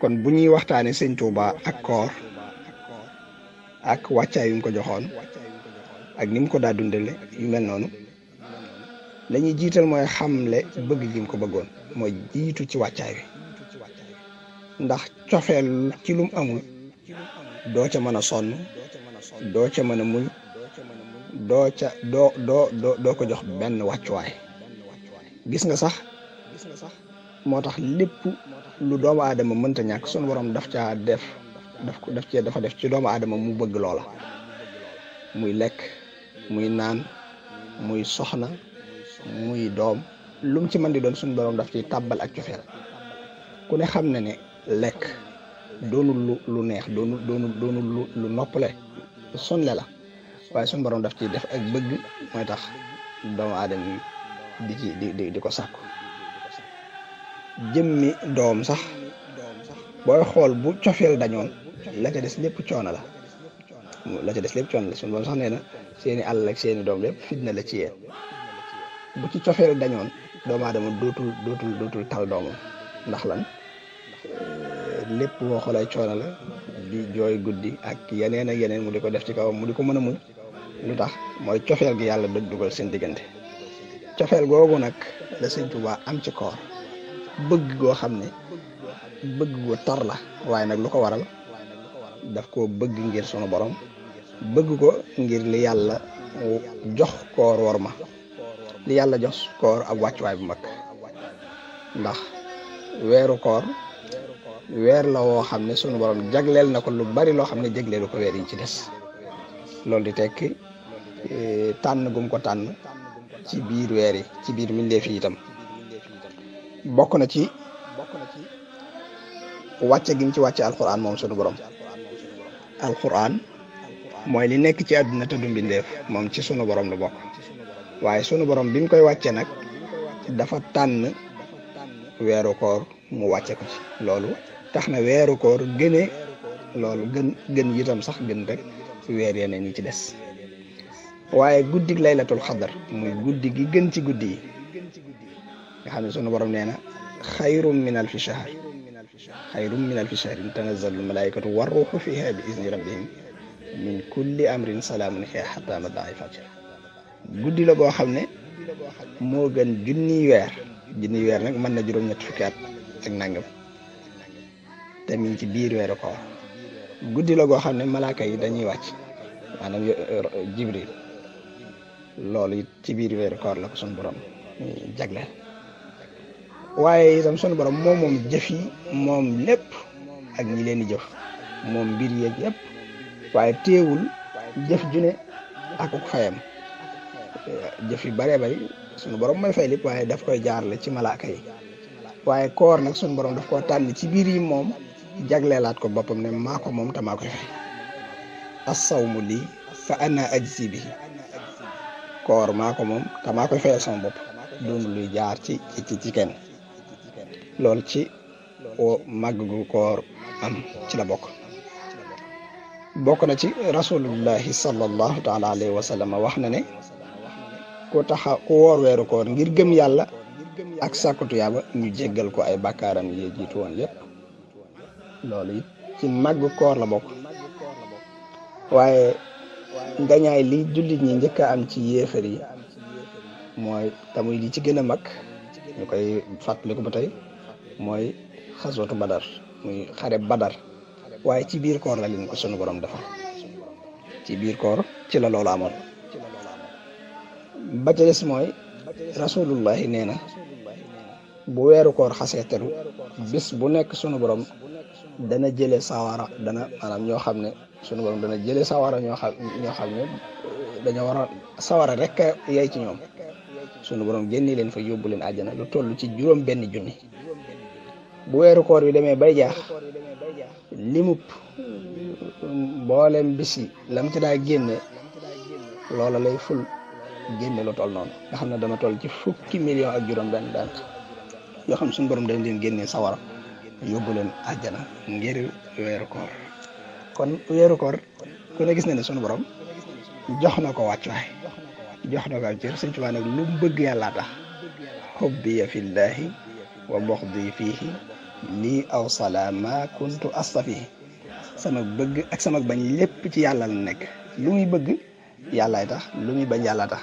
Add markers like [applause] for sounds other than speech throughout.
kon bu ñuy waxtaanee sëñ Touba ak koor ak wàccaay yu mu ko joxoon ak ni mu ko daa dundale yu mel noonu la jiital mooy xamle bëgg gi mu ko bëggoon mooy jiitu ci wàccaay wi ndax cofeel ci lum amul doo ca mën a sonn doo ca mën a muñ doo ca doo doo doo ko jox benn wàccuwaay nga sax gis nga sax moo tax lépp lu doomu aadama mënta ñàkk suñ borom daf caa def daf ko daf cee dafa def ci doomu aadama mu bëgg loola muy lekk muy naan muy soxna muy doom lu ci mën di doon suñu borom daf ciy tàbbal ak cofeel ku ne xam na ne lekk doonu lu neex doonul doonul doonul lu lu noppale sonle la waaye suñu borom daf ciy def ak bëgg mooy tax doomu aadama yi di ci di di ko sàkku jëmmi doom sax booy xool bu cofeel dañoon la ca des lépp coono la la ca des lépp coono la sax nee na seeni àll ak seeni doom lépp fitna la ci yéen bu ci cofeel dañoon doomu aadama dootul dootul dootul tal doomam ndax lan lépp woo xoolee coono la di jooy guddi ak yeneen ak yeneen mu di ko def ci kawam mu di ko mën a muñ lu tax mooy cofeel gi yàlla dugal seen diggante cofeel googu nag la sëñ Tuubaa am ci koor bëgg goo xam ne bëgg gu tar la waaye nag lu ko waral daf koo bëgg ngir sunu borom bëgg ko ngir li yàlla jox koor war ma li yàlla jox koor ak wàccuwaay bu mag ndax weeru koor weer la woo xam ne sunu borom jagleel na ko lu bari loo xam ne jagleelu ko weer yi ci des loolu di tekki eh, tànn gum ko tànn ci biir weer yi ci biir mbindeef yi itam ci bokna ci wacce gi ci wacce alquran mom sunu borom alquran moy li nek ci aduna ta du mbindeef mom ci sunu borom lu bok waye sunu borom bim koy wacce nak dafa tan weeru koor mu wacce ko ci loolu taxna na weeru koor gëne loolu gën gën yitam sax gën rek weer yene ni ci dess waye guddig laylatul muy guddigi ci guddii nga xam ne sunu borom nee na xayrum min alfi shahr xayrum min alfi shahrin tanazzalu almalaikatu warruuhu fiha bi izni rabbihim min kulli amrin salaamun hiya hatta matla'i fajr guddi la boo xam ne moo gën junniy weer nag mën na juróom-ñett fukki at nangam te ci biir weer koor guddi la goo xam ne malaaka yi dañuy wàcc maanaam jibril loolu it ci biir weeru koor la ko sunu borom eh, jagleel waaye itam sunu borom moom moom jëf moom lépp ak ñi leen di jëf moom mbir yeeg yépp waaye teewul jëf ju ne ak ak fayam jëf yu baree bari sunu borom mooy fay lépp waaye daf koy jaarale ci malaaka yi waaye koor nag sunu borom daf koo tànn ci biir yi moom jagleelaat ko boppam ne maako moom te maa koy fay assawmu lii fa ana ajzi bi koor maa ko moom te maa koy fayal sama bopp doon jaar ci ci ci kenn. lool ci màgg gu koor am ci la bokk bokk na ci rasulullahi sallallahu taala alayhi wa sallam wax na ne ku taxa ku woor weeru koor ngir gëm yàlla ak sàkkatu yaaba ñu jéggal ko ay bakkaaram yee jiitu woon yépp loolu it ci màgg koor la bokk waaye ngañaay li jullit ñi njëkk am ci yéefar yi mooy tamuy li ci gën a mag ñu koy fàttaliku ba tey Moy xaswatu badar muy xare badar Wa ci bir koor la lin ko sunu borom dafa ci bir koor ci la lolu amoon ba ca des mooy bu wéru koor teru bis bu nek sunu borom dana jële sawara dana manam ño xam sunu borom dana jële sawara ño xam ño xam dañu wara sawara rek yay ci ñoom sunu borom génni leen fa yóbbu leen àjjana lu tollu ci juroom benn junni bu weeru koor bi demee bay jaax limub mboolem bis yi lam ci daa génne loola lay ful génne lu toll noonu nga xam ne dana toll ci fukki million ak juróom benn daan xam suñu borom dañ leen génne sawara yóbbu leen àjjana ngir weeru koor kon ku ne gis na ne suñu borom jox na ko wàccuwaay jox na ko ab cër Sëñ Tuubaa nag lu mu bëgg yàllaa tax xubbiya fillaahi wa buxdi fiihi lii aw sala ma kuntu astafi sama bëgg ak sama bañ lépp ci yàlla la nekk lu muy bëgg yàllaay tax lu muy bañ yàlla tax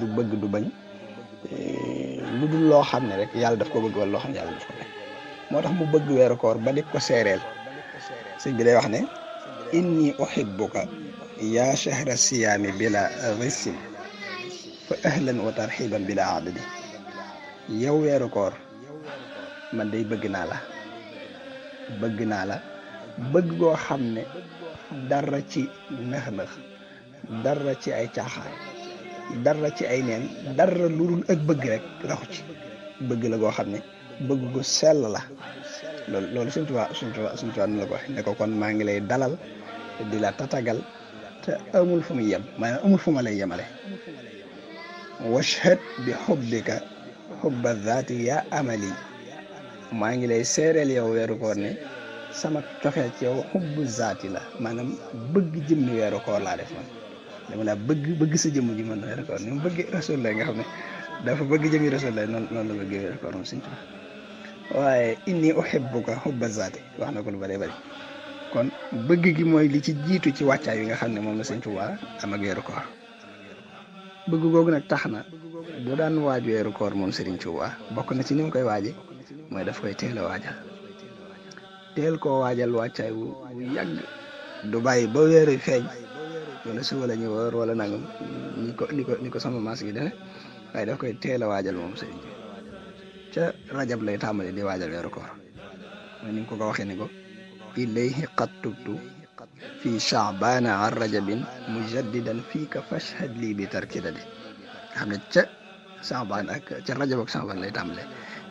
du bëgg du bañ eh, lu dul loo xam ne rek yàlla daf ko bëgg wala loo xam ne yàlla daf ko bañ moo tax mu bëgg weeru koor ba di ko seereel sëñ bi day wax ne inni uhibbuka yaa shahra siyaami bila risin fa ahlan wa tarxiban bila adadi yow weeru koor man day bëgg naa la bëgg naa la bëgg goo xam ne dara ci nax-nax dara ci ay caaxaan dara ci ay neen dara lu dul bëgg rek bëgg la goo xam ne bëgg gu sell la loolu loolu suñ tubaab suñ la ko waxee ne ko kon maa ngi lay dalal di la tatagal te amul fu muy yem maanaam amul fu ma lay yemale washhad bi xubbika xubba zaati yaa amali maa ngi lay seereel yow weeru koor ne sama cofeel ci yow xubbu zaati la maanaam bëgg jëmmi weeru koor laa def man bëgg bëgg sa jëmm ji man weeru koor ni mu bëgg rasul nga xam ne dafa bëgg jëmmi rasul la noonu noonu la bëgg weeru koor moom suñ tubaab waaye inni uhibbuka wax na ko lu bëree bëri kon bëgg gi mooy li ci jiitu ci wàccaay yi nga xam ne moom la suñ tubaab am ak weeru koor bëgg googu nag tax na bu daan waaj weeru koor moom Serigne Touba bokk na ci ni mu koy waaje mooy daf koy teel a waajal teel koo waajal wàccaay wu yàgg du bàyyi ba weeru feeñ wala suba la ñu wóor wala nangam ni ko ni ko ni ko sama maas gi dene waaye daf koy teel a waajal moom sëñ bi ca rajab lay tàmbali di waajal weeru koor mooy ni ko ko waxee ni ko ilayhi qad tubtu fi chaabana an rajabin mujaddidan fi ka fashhad lii bi tarkida di xam ne ca chaabaan ak ca rajab ak chaabaan lay tàmbale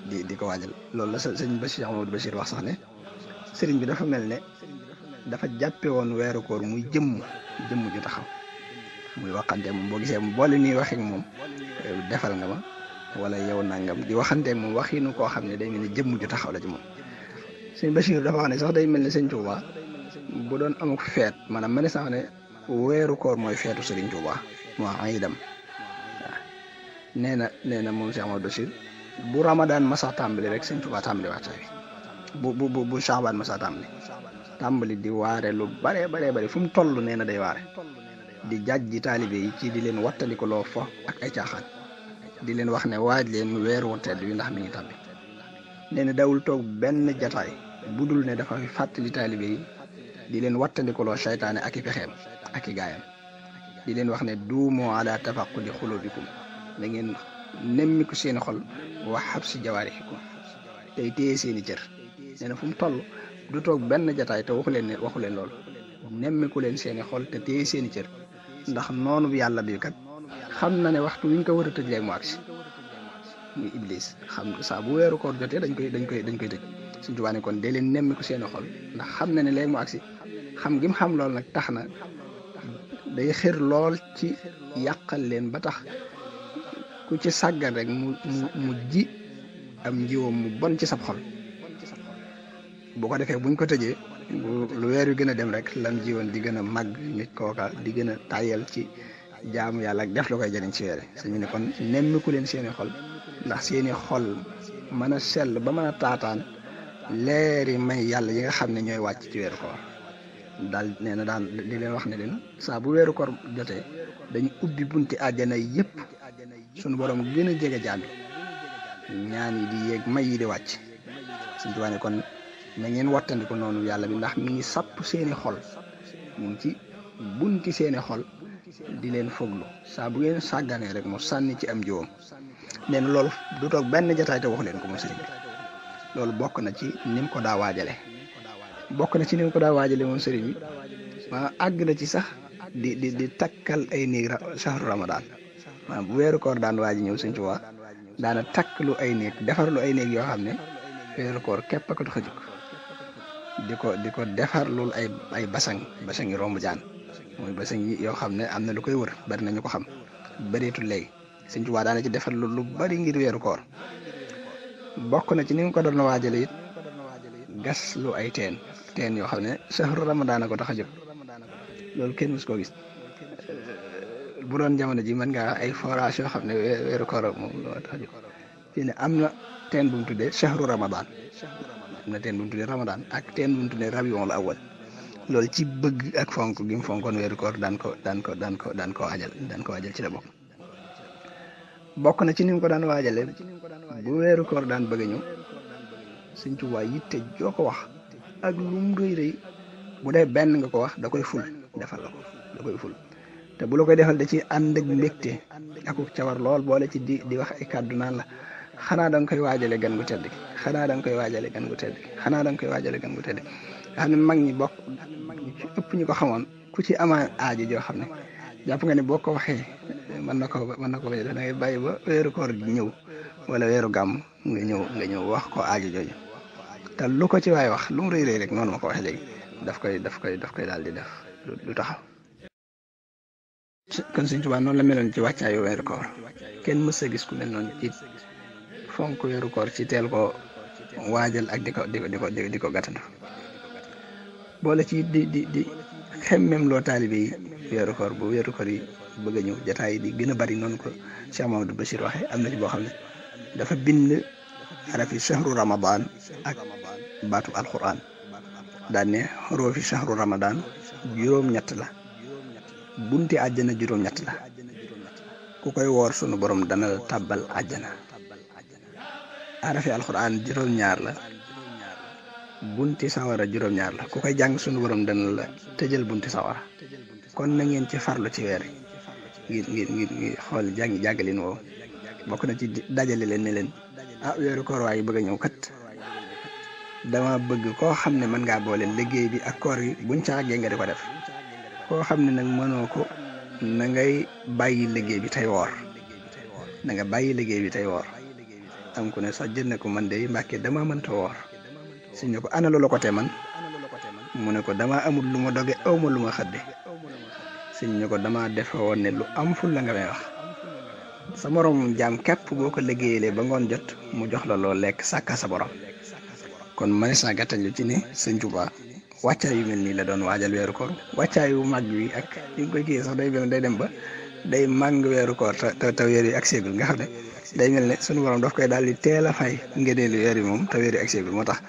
di di ko waajal loolu la sëñ Bachir Amadou Bachir wax sax ne sëriñ bi dafa mel ne dafa jàppe woon weeru koor muy jëmm jëmm ju taxaw muy waxante moom boo gisee boole nii waxee moom defal nga ma wala yow nangam di waxante moom waxiinu koo xam ne day mel ne jëmm ju taxaw la ci moom sëñ Bachir dafa wax ne sax day mel ne sëñ bu doon amuk feet maanaam ma ne sax ne weeru koor mooy feetu sëriñ Touba moo ay dem waaw nee na nee na moom si Amadou Bachir bu Ramadan masa tàmbali rek sëñ Tuubaa tàmbali waxtaan wi bu bu bu Shaabaan masa tàmbali tàmbali di waare lu bare bare bare fu mu toll nee na day waare di jàjji taalibe yi ci di leen wattali ko loo fo ak ay caaxaan di leen wax ne waaj leen weer wu wi ndax mi ngi tàbbi nee na dawul toog benn jataay bu dul ne dafa fàttali taalibe di leen wattandikuloo seytaane ak i pexeem leen wax ne duumoo ala tafaqudi nemmiku seen xol wax xab si jawaarixikum tey téye seen i cër nee na fu mu toll du toog benn jataay te waxu leen ne waxu leen loolu nemmiku leen seen i xol te téye seen i cër ndax noonu yàlla bi kat xam na ne waxtu wi ñu ko war a tëj léegi mu agsi muy xam nga saa bu weeru koor jotee dañ koy dañ koy dañ koy tëj suñ tubaane kon dee leen nemmiku seen i ndax xam na ne léegi mu agsi xam ngi mu xam loolu nag tax na day xër lool ci yàqal leen ba tax ku ci sàggan rek mu mu mu ji am njiwam mu bon ci sab xol bu ko defee buñ ko tëjee lu weer yu gën a dem rek lam jiwoon di gën a màgg nit kooka di gën a tàyyal ci jaamu yàlla ak def la koy jëriñ ci weere ñu ne kon nemmiku leen seeni xol ndax seeni xol mën a sell ba mën a taataan leeri may yàlla yi nga xam ne ñooy wàcc ci weeru koor daal nee na daal di leen wax ne leen saa bu weeru ko jotee dañu ubbi bunti àjjana yëpp sunu borom gën a jege jaam yi ñaan yi di yéeg may yi di wàcc suñ ci kon na ngeen wattandiku noonu yàlla bi ndax mi ngi sàpp seeni xol mu ngi ci bunti seeni xol di leen foglu saa bu ngeen sàgganee rek mu sànni ci am joom nee na loolu du toog benn jataay te wax leen ko mu sëriñ loolu bokk na ci ni mu ko daa waajale bokk na ci ni ko da wajale mom serigne ag na ci sax di di di takal ay néeg sax ramadan maanaam bu wéru koor daan waaji ñëw sëñ wa daana taklu ay néeg defar lu ay néeg yo xamne wéru koor kep ko tax a diko defar lu ay ay basang basang yi rombu jaan moy basang yi yo xamne amna lu koy wër bari nañu ko xam bëreetul léegi sëñ wa daana ci defar lu lu bari ngir wéru koor bokk na ci ni ko doon wajale gas lu ay ten teen yoo xam ne sahru ramadan a ko tax a jóg loolu kenn mës koo gis bu doon jamono ji mën ngaa ay forage yoo xam ne weeru a jóg am na ten bu mu tuddee sahru ramadan am na teen bu mu tuddee ramadan ak teen bu mu tuddee rabiul awal loolu ci bëgg ak fonk gi fonkoon weeru koor daan ko daan ko daan ko daan ko waajal daan ko waajal ci la bokk bokk na ci ni ko daan waajale bu weeru koor daan bëgg ñëw Sëñ Tuubaa yitte joo ko wax ak lu mu rëy rëy bu dee benn nga ko wax da koy ful defal la ko da koy ful te bu la koy defal da ci ànd ak mbégte ak cawar lool boole ci di di wax ay kàddu naan la xanaa da nga koy waajale gan gu tedd gi xanaa da nga koy waajale gan gu tedd gi xanaa da nga koy waajale gan gu tedd gi nga xam ne mag ñi bokk ci ëpp ñu ko xamoon ku ci amaa aajo joo xam ne jàpp nga ne boo ko waxee mën na ko mën na ko bañ a def da ngay bàyyi ba weeru koor gi ñëw wala weeru gàmm nga ñëw nga ñëw wax ko aajo jooju te lu ko ci waay wax lu mu rëy rek noonu ma ko waxee léegi daf koy daf koy daf koy daal di def du taxaw. kon Sëñ Tuubaa noonu la meloon ci wàccaayu weeru koor kenn mës a gis ku mel noonu ci fonk weeru koor ci teel ko waajal ak di ko di ko di ko di boole ci di di di xemmem loo taalibe yi weeru koor bu weeru koor yi bëgg a ñëw jataay gën a bari noonu ko Cheikh du Bachir waxee am na ci boo xam ne dafa bind arafi shahru Ramadan ak. baatu alxuraan daan ne roofi shahru ramadan juróom-ñett la bunti àjjana juróom-ñett la ku koy woor sunu borom dana la tàbbal àjjana arafi alquran juróom-ñaar la bunti sawara juróom-ñaar la ku koy jàng sunu borom dana la tëjal bunti sawara kon na ngeen ci farlu ci weer ngi ngir ngir xool jàngi jàngalin woowu bokk na ci dajale leen ne ah weeru koor waay bëgg a ñëw kat. dama bëgg koo xam ne mën ngaa boole liggéey bi ak koor yi buñ ca àggee nga di ko def koo xam ne nag mënoo ko na ngay bàyyi liggéey bi tey woor na nga bàyyi liggéey bi tey woor am ku ne sax jël ko man de Mbàkke dama mënta woor su ñu ko ana lu la ko te man mu ne ko dama amul lu ma doge awma lu ma xadde su ñu ko dama defe woon ne lu am ful la nga may wax sa moroom jaam képp boo ko liggéeyalee ba ngoon jot mu jox la loo lekk sàkka sa borom kon manes na gàttañlu ci ne señ djuba wacca yu melni la doon waajal wéru koor wacca yu mag wi ak li nga koy sax day day dem ba day mang wéru koor ta ta te ak ségul nga xamné day melni suñu borom daf koy daal di teel fay ngëneelu weer yi moom te weer yi ak ségul motax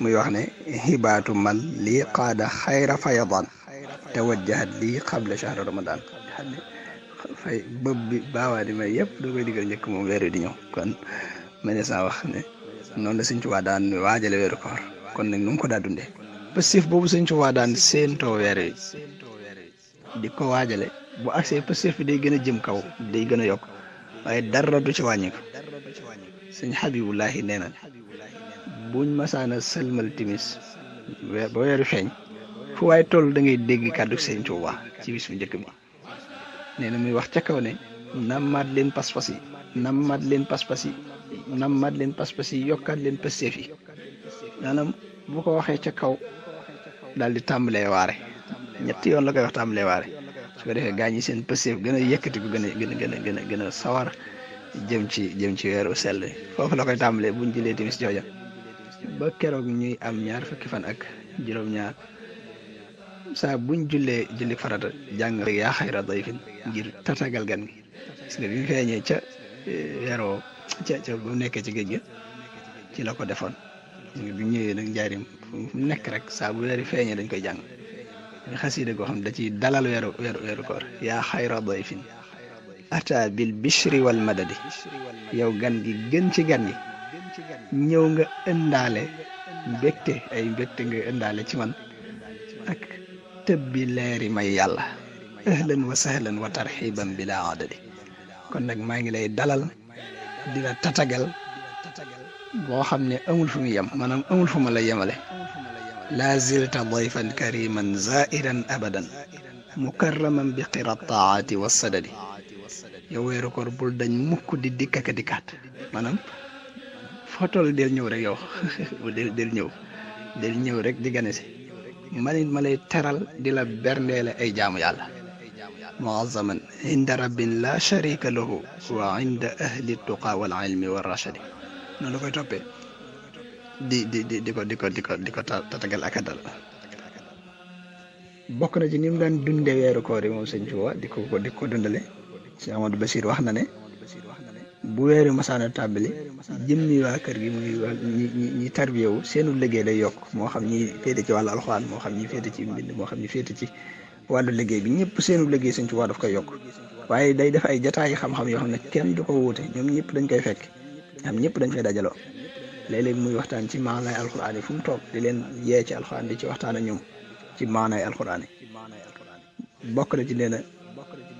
muy wax ne hibatu man li qada khayra fayadan tawajjahat li qabla shahr ramadan fay bëb bi baawaa di may yépp dugay digal ñëk mom wéru di ñëw kon mané sa wax ne noonu la sëñ Tuubaa daan waajale weeru koor kon nag nu mu ko daa dundee ba siif boobu sëñ Tuubaa daan séentoo weer wi di ko waajale bu agsee ba bi day gën a jëm kaw day gën a yokk waaye dara du ci wàññi ko sëñ Xabibullaahi nee na buñ masaana sëlmal timis ba weeru feeñ fu waaye toll da ngay dégg kàddu sëñ Tuubaa ci bis bu njëkk bi nee muy wax ca kaw ne nammaat leen pas-pas leen pas nammaat leen pas-pas yi yokkaat leen pësteef yi maanaam bu ko waxee ca kaw daal di tàmbalee waare ñetti yoon la koy wax tàmbalee waare su ko defee gaa ñi seen pësteef gën a yëkkati ko gën a gën a gën gën a gën a sawar jëm ci jëm ci weeru sell bi foofu la koy tàmbalee buñ jëlee timis jooja ba keroog ñuy am ñaar fukki fan ak juróom-ñaar saa buñ jullee julli farata jàng yaa xayra dayfin ngir tatagal gan gi gis bi mu feeñee ca eh, weeroo ca ca nekkee ci géej gi ci la ko defoon bi ñëwee nag njaarim nekk rek saa bu weeri feeñee dañ koy jàng xasida goo xam da ci dalal weeru weeru weeru koor yaa xayra dayfin ata bil bishri wal madadi yow gan gi gën ci gan ñëw nga ëndaale mbégte ay mbégte nga ëndaale ci man ak tëbbi leeri may yàlla ahlan wa sahlan wa tarxiban bila adadi kon nag maa ngi lay dalal di la tatagal boo xam ne amul fu mu yem maanaam amul fu ma la yemale laa zilta dayfan kariman zairan abadan mukarraman bi xira taati yow weeru maanaam foo toll ñëw rek yow [laughs] del del ñëw rek di gane ma teral di la berndeele ay jaamu yàlla muazzaman inda rabbin la sharika lahu wa inda ahli la koy di di di ko di ko di ko di na ci ni mu daan dunde weeru koor yi moom sëñ Tuuba di ko di ko dundale si Amadou Basir wax na bu weeru masaana tàmbali jëmmi waa kër gi muy ñi ñi ñi seenu liggéey day yokk moo xam ñi féete ci moo xam ñi féete ci mbind moo xam ñi féete ci wàllu liggéey bi ñëpp seenu liggéey Sëñ Tuubaa daf koy yokk waaye day def ay jataayi xam-xam yoo xam ne kenn du ko wuute ñoom ñëpp dañ koy fekk ñoom ñëpp dañ fay dajaloo léeg-léeg muy waxtaan ci maanaay alxuraan yi fu mu toog di leen yee ci alxuraan di ci waxtaan ak ñoom ci maanaay alxuraan yi bokk na ci nee na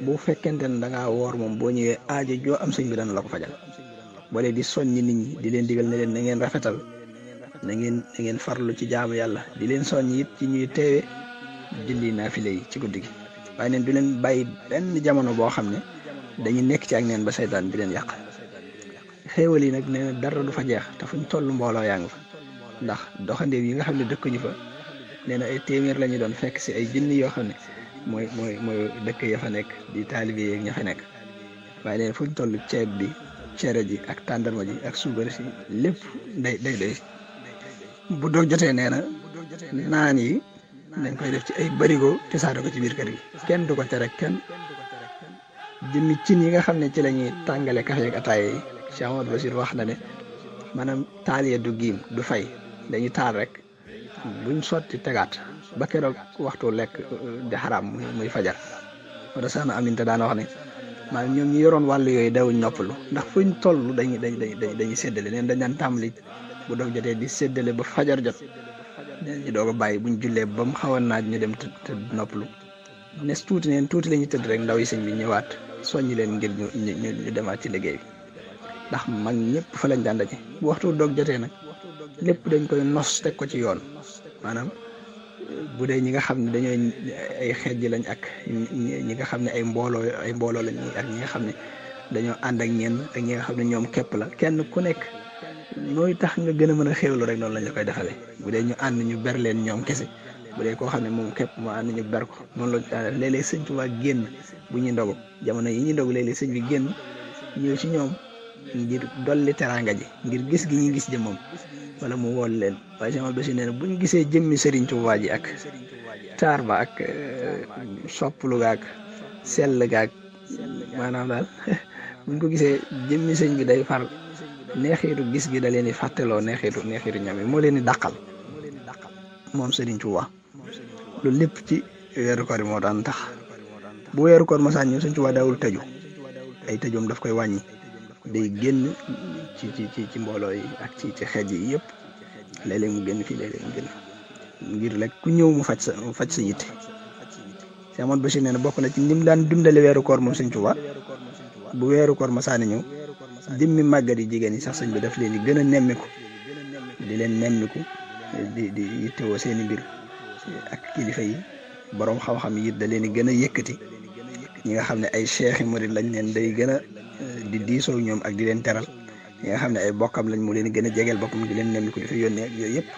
bu fekkente ne da woor moom boo ñëwee aajo joo am sëñ bi dana la ko fajal boo dee di soññi nit ñi di leen digal ne leen na ngeen rafetal na ngeen na ngeen farlu ci jaamu yàlla di leen soññ it ci ñuy teewe julli naafile yi ci guddi gi waaye neen du leen bàyyi benn jamono boo xam ne dañuy nekk ci ak neen ba saytaan bi leen yàq xéewal yi nag nee na dara du fa jeex te fuñ toll mbooloo yaa ngi fa ndax doxandeem yi nga xam ne dëkkuñu fa nee na ay téeméer la ñu doon fekk si ay junni yoo xam ne mooy mooy mooy dëkk ya fa nekk di taalibe yeeg ña fa nekk waaye neen fuñ toll ceeb bi cere ji ak tàndarma ji ak suukar si lépp day day day bu doo jotee nee naan yi dañ koy def ci ay barigo te ko ci biir kër gi kenn du ko tere kenn jëmmi cin yi nga xam ne ci la ñuy tàngale kafe ak ataaya yi Cheikh Amadou Bassir wax na ne maanaam taal ya du giim du fay dañuy taal rek buñ sotti tegaat ba keroog waxtu lekk di xaraam muy muy fajar wala sax na aminte daan wax ne maa ñoom ñu yoroon wàll yooyu dawuñ noppalu ndax fuñ toll dañuy dañuy dañuy séddale neen dañ daan tàmbali bu doog jotee di séddale ba fajar jot. neen ñu doog a bàyyi buñ jullee ba mu xaw a naaj ñu dem tëdd noppalu ne tuuti neen tuuti la tëdd rek ndaw yi sëñ bi ñëwaat soññi leen ngir ñu ñu ñu demaat ci liggéey bi ndax mag ñëpp fa lañ daan daje bu waxtu doog jotee nag lépp dañ koy nos teg ko ci yoon maanaam bu dee ñi nga xam ne dañooy ay xeej ji lañ ak ñi nga xam ne ay mbooloo ay mbooloo lañ ak ñi nga xam ne dañoo ànd ak ñenn ak ñi nga xam ne ñoom képp la kenn ku nekk. nooy tax nga gën a mën a xéwlu rek noonu lañ la koy defalee bu dee ñu ànd ñu ber leen ñoom kese bu dee koo xam ne moom képp moo ànd ñu ber ko noonu la léeg-léeg sëñ Tuubaa génn bu ñu ndogu jamono yi ñuy ndogu léeg-léeg sëñ bi génn ñëw ci ñoom ngir dolli teraanga ji ngir gis gi ñuy gis moom wala mu wool leen waaye sama bési nee bu ñu gisee jëmmi sëriñ Tuubaa ji ak taar ba ak euh, sopplu gaag sell gaag maanaam daal [laughs] bu ñu ko gisee jëmmi sëñ bi day far. neexitu gis gi da leen di fàtteloo neexitu neexitu ñam yi moo leen di dàqal moom Serigne Touba lu lépp ci weeru koor yi moo daan tax bu weeru koor masaan ñëw Serigne Touba daawul tëju ay tëjoom daf koy wàññi day génn ci ci ci ci mbooloo yi ak ci ci xeej yi yëpp léeg-léeg mu génn fii léeg-léeg mu génn ngir rek ku ñëw mu faj sa mu faj sa yitte Cheikh amoon Bachir nee na bokk na ci nim daan dundale weeru koor moom Serigne Touba bu weeru koor masaan ñëw. dimmi màggat yi jigéen ñi sax sëñ bi daf leen di gën a nemmiku di leen nemmiku di di yittewoo seen mbir ak kilifa yi boroom xaw xam yi it da leen di gën a yëkkati ñi nga xam ne ay cheikh yi lañ leen day gën a eh, di diisoo ñoom ak di leen teral ñi nga xam ne ay bokkam lañ mu leen di gën a jegeel boppam di leen nemmiku di fa yónnee ak yooyu yëpp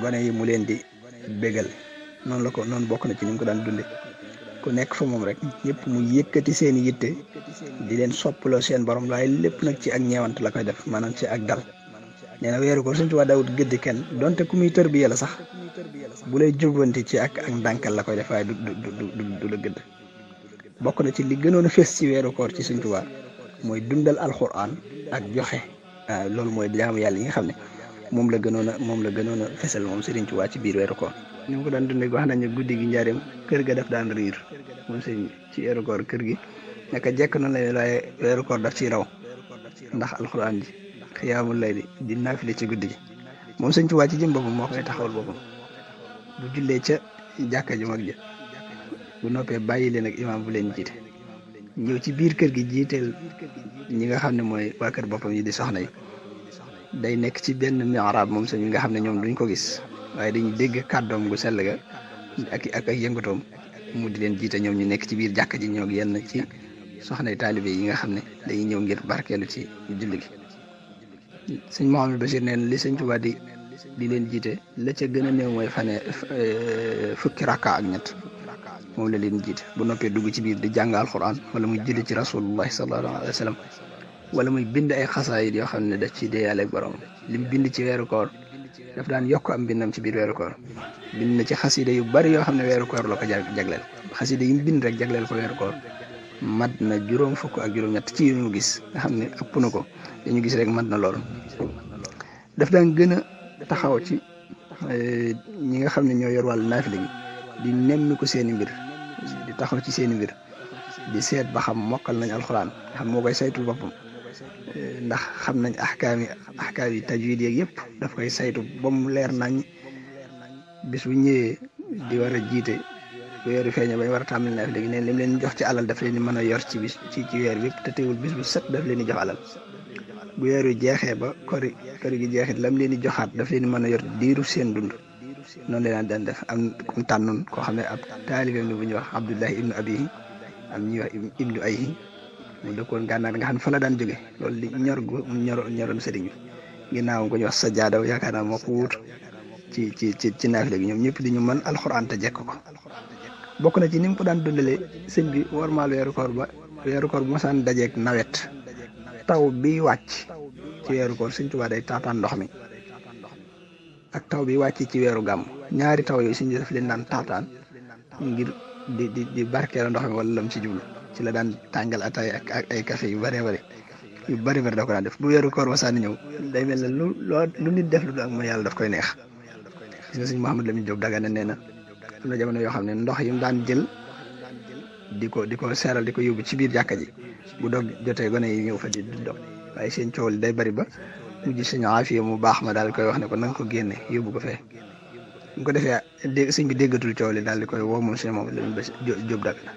gone yi mu leen di bégal noonu la ko noonu bokk na ci ni mu ko daan dundee. ku nekk fa moom rek ñëpp mu yëkkati seen i yitte di leen soppaloo seen borom laay lépp nag ci ak ñeewant la koy def maanaam ci ak dal nee na weeru ko suñ tubaab daawut gëdd kenn donte ku muy tër bi yàlla sax bu lay jubbanti ci ak ak ndànkal la koy def du du du du la gëdd bokk na ci li gënoon a fees ci weeru koor ci suñ tubaab mooy dundal alxuraan ak joxe loolu mooy jaamu yàlla yi nga xam ne. moom la gënoon a moom la gënoon a moom Serigne Touba ci biir weeru koor ni mu ko daan dundee wax nañu guddi gi njaareem kër ga def daan riir moom Serigne ci weeru kër gi naka jekk na la waaye weeru koor daf ciy raw ndax alxuraan ji xiyaamul lay di di la ci guddi gi moom Serigne Touba ci jëm boppam moo koy taxawal boppam bu jullee ca jàkka ju mag ja bu noppee bàyyi leen ak imaam bu leen jiite ñëw ci biir kër gi jiiteel ñi nga xam ne mooy waa kër boppam yi di soxna yi. day nekk ci benn mi'raab moom sëñ bi nga xam ne ñoom duñ ko gis waaye dañuy dégg kàddoom gu sell ga ak ak ay yëngatoom mu di leen jiite ñoom ñu nekk ci biir jàkka ji ñoog yenn ci soxna soxnay taalibe yi nga xam ne dañuy ñëw ngir barkeelu ci julli gi sëñ Mouhamadou Bachir neen li sëñ Tuubaa di di leen jiite la ca gën a new mooy fane euh, fukki rakka ak ñett moom la leen jiit bu noppee dugg ci biir di jàng alquran wala mu julli ci rasulullah sallallahu alayhi wa sallam wala muy bind ay xasaayit yoo xam ne da ci deeyaale borom mu bind ci weeru koor daf daan yokk am bindam ci biir weeru koor bind na ci xas de yu bari yoo xam ne weeru koor la ko jagleel xasida yi mu bind rek jagleel ko weeru koor mat na juróom fukk ak juróom-ñett ci yu ñu gis nga xam ne ëpp na ko dañu gis rek mat na lool daf daan gën a taxaw ci eh, ñi nga xam ne ñoo yor wàllu naafila gi di nemmi ko seeni mbir di taxaw ci seeni mbir di seet ba xam mokkal nañ alxuraan nga xam moo koy saytu boppam ndax xam nañ axkaam yi axkaam yi tajwid yëpp daf koy saytu ba mu leer nañ bis bu ñëwee di war a jiite weeru feeña bañ war a tàmbali naaf léegi neen lim leen jox ci alal daf leen di mën a yor ci bis ci ci weer bi te teewul bis bu set daf leen di jox alal bu weer wi jeexee ba kori kori gi jeexit lam leen di joxaat daf leen di mën a yor diiru seen dund noonu la daan def am kum tànnoon koo xam ne ab taalibeem bu ñuy wax Abdullahi ibnu Abihi am ñuy wax ibnu Ayhi mu dëkkoon gànnaar nga xam fa la daan jóge loolu li ñor gu ñor ñoroon sëriñ bi ginnaaw ko ñu wax sa jaadaw yaakaar naa moo ko ci ci ci ci naafile gi ñoom ñëpp di ñu mën alxuraan te jekk ko bokk na ci ni mu ko daan dundalee sëñ bi warmaal weeru koor ba weeru koor bu mosaan dajeeg nawet taw bi wàcc ci weeru koor sëñ Tuubaa day taataan ndox mi ak taw bi wàcc ci weeru gàmm ñaari taw yooyu sëñ bi daf leen daan taataan ngir di di di barkeela ndox mi wala lam ci jublu ci la daan tàngal ataay ak ak ay café yu bëree bëri yu bëri bëri da ko daan def bu weeru koor saan ñëw day mel na lu loo lu nit def lu ak ma yàlla daf koy neex gis nga suñ Mouhamed Lamine Diop Dagana nee na am jamono yoo xam ne ndox yi mu daan jël di ko di ko seeral di ko yóbbu ci biir jàkka ji bu doog jotee gone yi ñëw fa di doog waaye seen coow day bëri ba mujj suñu aafiya mu baax ma daal koy wax ne ko na ko génne yóbu ko fe bu ko defee dé sëñ bi déggatul coow li daal di koy woo moom suñu moom Lamine Diop Dagana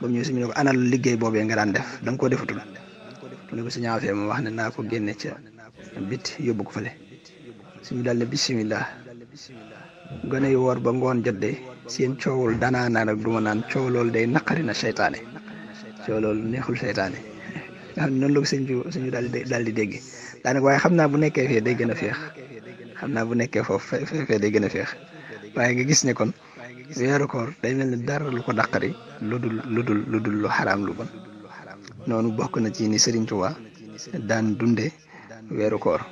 ba mu ñëw si mu ne ko anal liggéey boobee nga daan def da ko koo defatul mu ne ko si ñaafee ma wax ne naa ko génne ca bit yóbbu ko fële suñu daal ne bisimilah gone yi woor ba ngoon jot de seen coowul danaa naan du ma naan coow lool day naqari na seytaane coow loolu neexul seytaane nga xam ne noonu la ko sëñ daal di daal di dégg waaye xam naa bu nekkee fee day gën a féex xam naa bu nekkee foofu day gën a féex waaye nga gis ne kon. weeru koor day mel ne dara lu ko dàqari lu dul lu dul lu dul lu lu bon noonu bokk na ci ni Serigne Touba daan dunde weeru koor